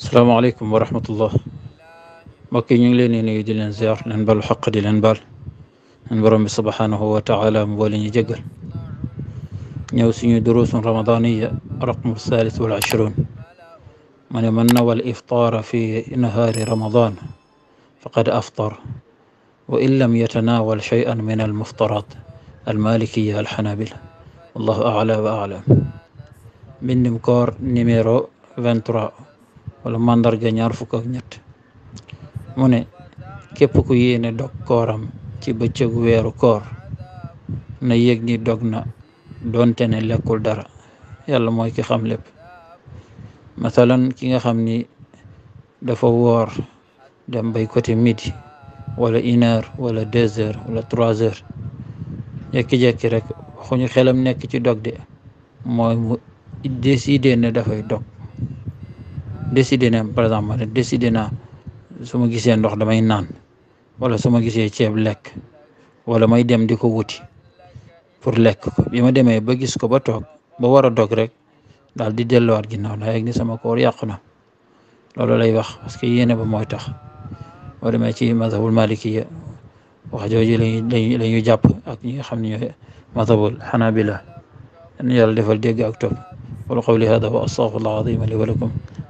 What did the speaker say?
السلام عليكم ورحمة الله ما كين يلين يدي الانزار ننبال حق دي الانبال ننبرم سبحانه وتعالى مولين يجقل نيوسين دروس رمضانية رقم الثالث والعشرون من يمنى الإفطار في نهار رمضان فقد أفطر وإن لم يتناول شيئا من المفطرات المالكية الحنابلة الله أعلى وأعلم من نمكار نميرو فانتراو wala màndarga ñaar fukk ñett mu ne képp ku yéene dog kooram ci bëccëgu weeru koor na yëg ni dog na doonte ne lekkul dara yàlla mooy ki xam lépp masalan ki nga xam ni dafa woor dem bay côté midi wala une heure wala deux heures wala trois heures jekki-jekki rek waxuñu xelam nekk ci dog de mooy mu décidé ne dafay dog décidé na par exemple ma décidé naa su ma gisee ndox damay naan wala su ma gisee ceeb lekk wala may dem di ko wuti pour lekk bi ma demee ba gis ko ba toog ba war a dog rek daal di delluwaat ginnaaw daa yegg ni sama koor yàqu na loolu lay wax parce que yéene ba mooy tax boo demee ci mazhabul malikiya wax jooju la lañuy jàpp ak ñi nga xam ne ñooy mazhabul xanabila yàlla defal dégg ak topp qul qawli hada wa astaghfirullah azim li wa lakum